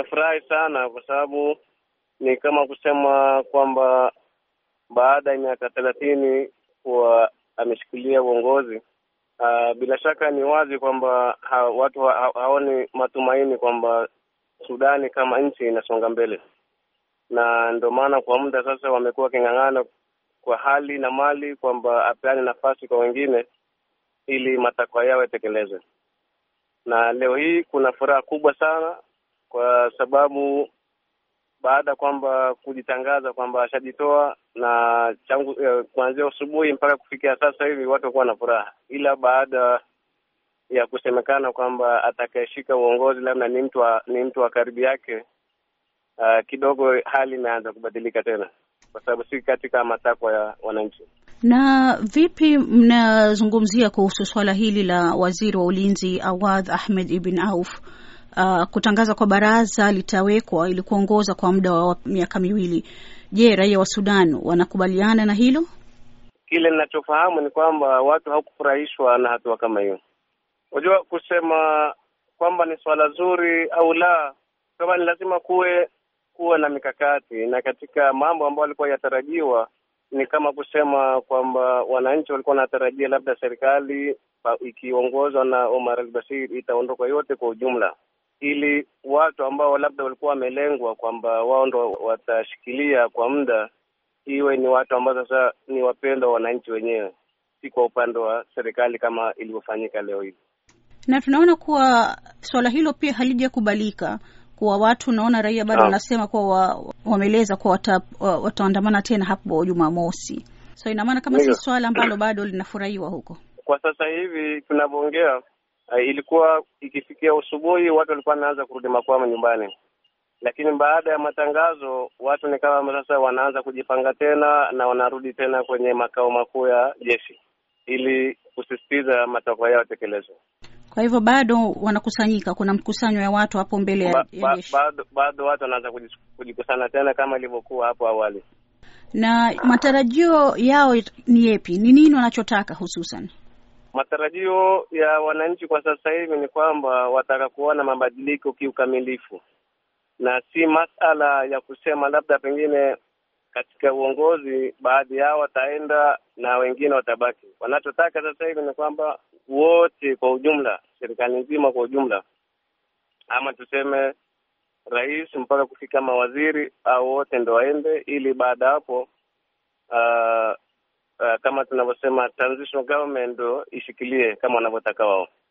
Nimefurahi sana kwa sababu ni kama kusema kwamba baada ya miaka thelathini kuwa ameshikilia uongozi uh, bila shaka ni wazi kwamba ha, watu ha, haoni matumaini kwamba Sudani kama nchi inasonga mbele, na ndio maana kwa muda sasa wamekuwa waking'ang'ana kwa hali na mali kwamba apeane nafasi kwa wengine ili matakwa yao yatekelezwe. Na leo hii kuna furaha kubwa sana kwa sababu baada kwamba kujitangaza kwamba ashajitoa na changu eh, kuanzia asubuhi mpaka kufikia sasa hivi watu wakuwa na furaha, ila baada ya kusemekana kwamba atakayeshika uongozi labda ni mtu ni mtu wa karibu yake, uh, kidogo hali imeanza kubadilika tena, kwa sababu si katika matakwa ya wananchi. Na vipi mnazungumzia kuhusu swala hili la waziri wa ulinzi Awadh Ahmed Ibn Auf uh, kutangaza kwa baraza litawekwa ili kuongoza kwa muda wa miaka miwili. Je, raia wa Sudan wanakubaliana na hilo? Kile ninachofahamu ni kwamba watu hawakufurahishwa na hatua kama hiyo. Unajua, kusema kwamba ni swala zuri au la, kama ni lazima kuwe kuwa na mikakati, na katika mambo ambayo yalikuwa yatarajiwa ni kama kusema kwamba wananchi walikuwa wanatarajia labda serikali ikiongozwa na Omar al-Bashir itaondoka yote kwa ujumla ili watu ambao labda walikuwa wamelengwa kwamba wao ndo watashikilia kwa muda, iwe ni watu ambao sasa ni wapendwa wananchi wenyewe, si kwa upande wa serikali kama ilivyofanyika leo hivi. Na tunaona kuwa swala hilo pia halijakubalika kuwa watu, naona raia bado wanasema kuwa wameleza kuwa wata, wataandamana tena hapo Jumamosi. So ina maana kama si swala ambalo bado linafurahiwa huko kwa sasa hivi tunavyoongea uh, ilikuwa ikifikia usubuhi watu walikuwa wanaanza kurudi makwao nyumbani, lakini baada ya matangazo watu ni kama sasa wanaanza kujipanga tena na wanarudi tena kwenye makao makuu ya jeshi ili kusisitiza matakwa yao tekelezwe. Kwa hivyo bado wanakusanyika, kuna mkusanyo ya watu hapo mbele ya jeshi ba, bado, bado watu wanaanza kujikusana tena kama ilivyokuwa hapo awali. Na matarajio yao ni yepi? Ni nini wanachotaka hususan? Matarajio ya wananchi kwa sasa hivi ni kwamba wataka kuona mabadiliko kiukamilifu, na si masala ya kusema labda pengine katika uongozi baadhi yao wataenda na wengine watabaki. Wanachotaka sasa hivi ni kwamba wote kwa ujumla, serikali nzima kwa ujumla, ama tuseme rais mpaka kufika mawaziri, au wote ndo waende, ili baada hapo uh, kama tunavyosema transitional government ndo ishikilie kama wanavyotaka wao.